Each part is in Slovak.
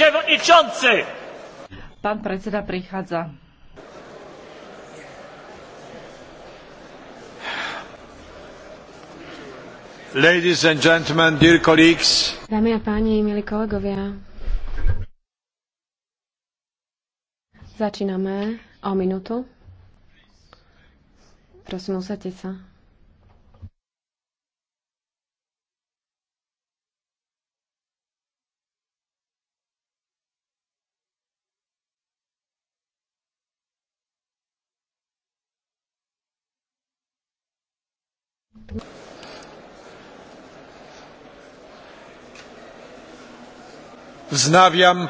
przewodniczący! Pan predseda prichádza. Ladies and gentlemen, dear colleagues. Dámy a páni, milí kolegovia. Začíname o minútu. Prosím, usadte sa.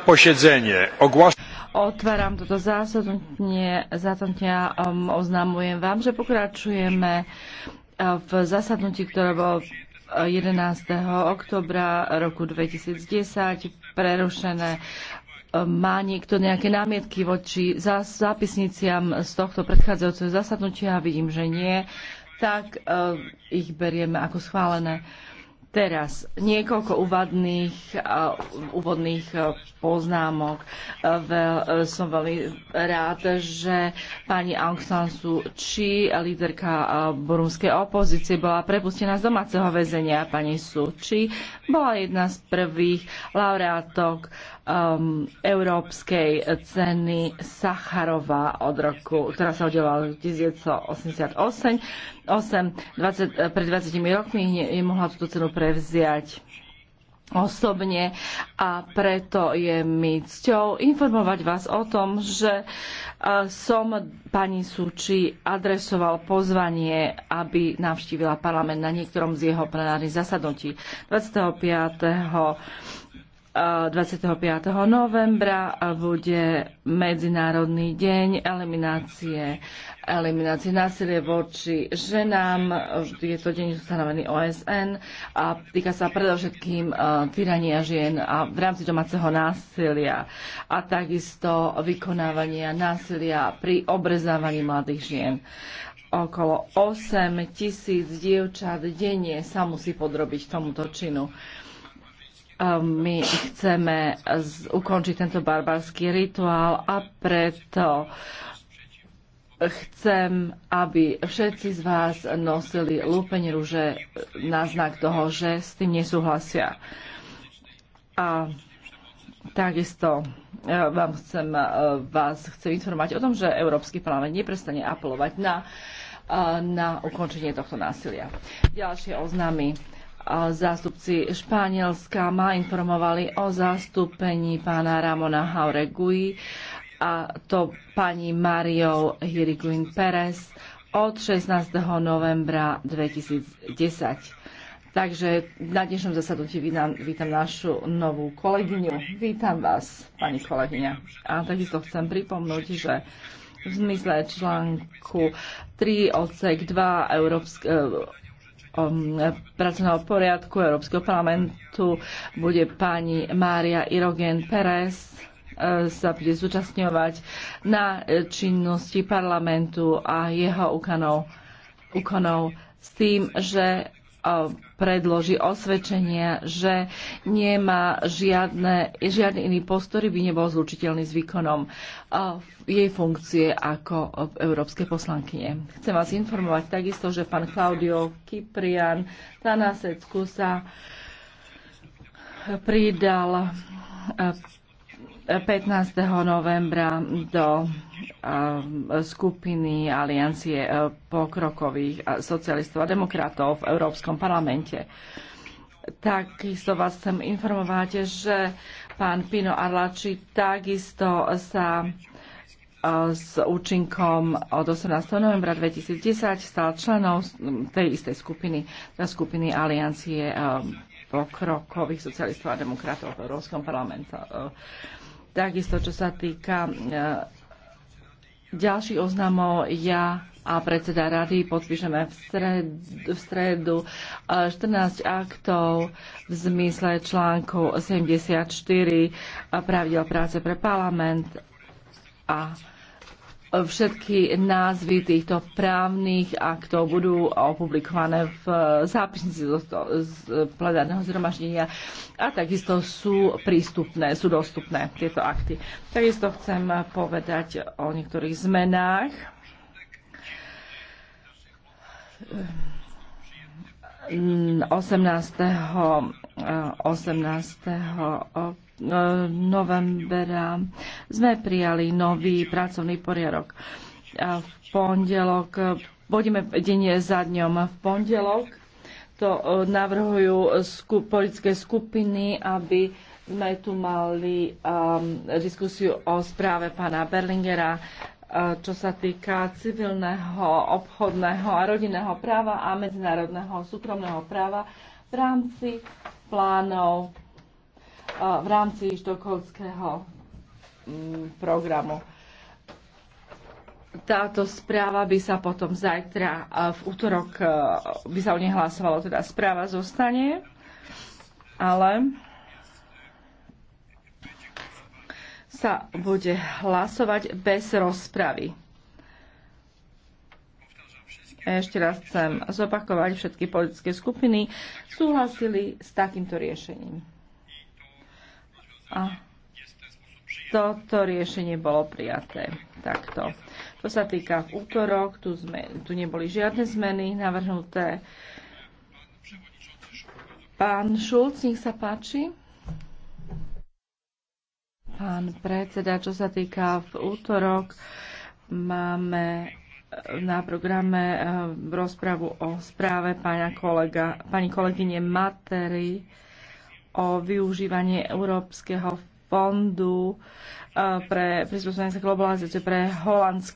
posiedzenie. Otváram toto zásadnutie, zásadnutia, um, oznamujem vám, že pokračujeme v zasadnutí, ktoré bolo 11. E, oktobra roku 2010 prerušené. Má niekto nejaké námietky voči zápisniciam z tohto predchádzajúceho zasadnutia? Vidím, že nie tak eh, ich berieme ako schválené. Teraz niekoľko úvodných, úvodných e, poznámok. E, e, som veľmi rád, že pani Aung San Suu Kyi, líderka burúnskej opozície, bola prepustená z domáceho väzenia. Pani Suu Kyi bola jedna z prvých laureátok um, Európskej ceny Sacharova od roku, ktorá sa udelovala v 1988. 8, 20, pred 20 rokmi nemohla túto cenu prevziať osobne a preto je mi cťou informovať vás o tom, že e, som pani Suči adresoval pozvanie, aby navštívila parlament na niektorom z jeho plenárnych zasadnutí 25 25. novembra bude Medzinárodný deň eliminácie, eliminácie násilie voči ženám. Je to deň stanovený OSN a týka sa predovšetkým e, tyrania žien a v rámci domáceho násilia a takisto vykonávania násilia pri obrezávaní mladých žien. Okolo 8 tisíc dievčat denne sa musí podrobiť tomuto činu my chceme ukončiť tento barbarský rituál a preto chcem, aby všetci z vás nosili lúpeň rúže na znak toho, že s tým nesúhlasia. A takisto e, vám chcem, e, vás chcem informovať o tom, že Európsky parlament neprestane apelovať na, e, na ukončenie tohto násilia. Ďalšie oznámy zástupci Španielska ma informovali o zastúpení pána Ramona Hauregui a to pani Mariou Hiriguin Pérez od 16. novembra 2010. Takže na dnešnom zasadnutí vítam, vítam našu novú kolegyňu. Vítam vás, pani kolegyňa. A takisto chcem pripomnúť, že v zmysle článku 3 odsek 2 Európske, Um, pracovného poriadku Európskeho parlamentu bude pani Mária Irogen Pérez eh, sa bude zúčastňovať na eh, činnosti parlamentu a jeho úkonov, úkonov s tým, že E, predloží osvedčenia, že nemá žiadne, žiadny iný postoj, by nebol zlučiteľný s výkonom e, jej funkcie ako európske poslankyne. Chcem vás informovať takisto, že pán Claudio Kyprian Tanasecku sa pridal e, 15. novembra do skupiny Aliancie e, pokrokových socialistov a demokratov v Európskom parlamente. Takisto vás chcem informovať, že pán Pino Arlači takisto sa e, s účinkom od 18. novembra 2010 stal členom tej istej skupiny, skupiny Aliancie e, pokrokových socialistov a demokratov v Európskom parlamente. Takisto, čo sa týka e, ďalších oznamov, ja a predseda rady podpíšeme v, stred, v stredu 14 e, aktov v zmysle článku 74 e, pravidel práce pre parlament a Všetky názvy týchto právnych aktov budú opublikované v zápisnici z plenárneho zhromaždenia a takisto sú prístupné, sú dostupné tieto akty. Takisto chcem povedať o niektorých zmenách hm, osemnásteho 18. 18 novembra sme prijali nový pracovný poriadok. V pondelok, budeme deň za dňom v pondelok, to e, navrhujú skup, politické skupiny, aby sme tu mali um, diskusiu o správe pána Berlingera, e, čo sa týka civilného, obchodného a rodinného práva a medzinárodného súkromného práva v rámci plánov v rámci štokholského mm, programu. Táto správa by sa potom zajtra, v útorok by sa o nej hlasovalo, teda správa zostane, ale sa bude hlasovať bez rozpravy. Ešte raz chcem zopakovať, všetky politické skupiny súhlasili s takýmto riešením. A toto riešenie bolo prijaté takto. To sa týka v útorok, tu, sme, tu neboli žiadne zmeny navrhnuté. Pán Šulc, nech sa páči. Pán predseda, čo sa týka v útorok, máme na programe eh, rozpravu o správe kolega, pani kolegyne Materi o využívanie Európskeho fondu eh, pre prispôsobenie sa globalizácie pre Holandsko.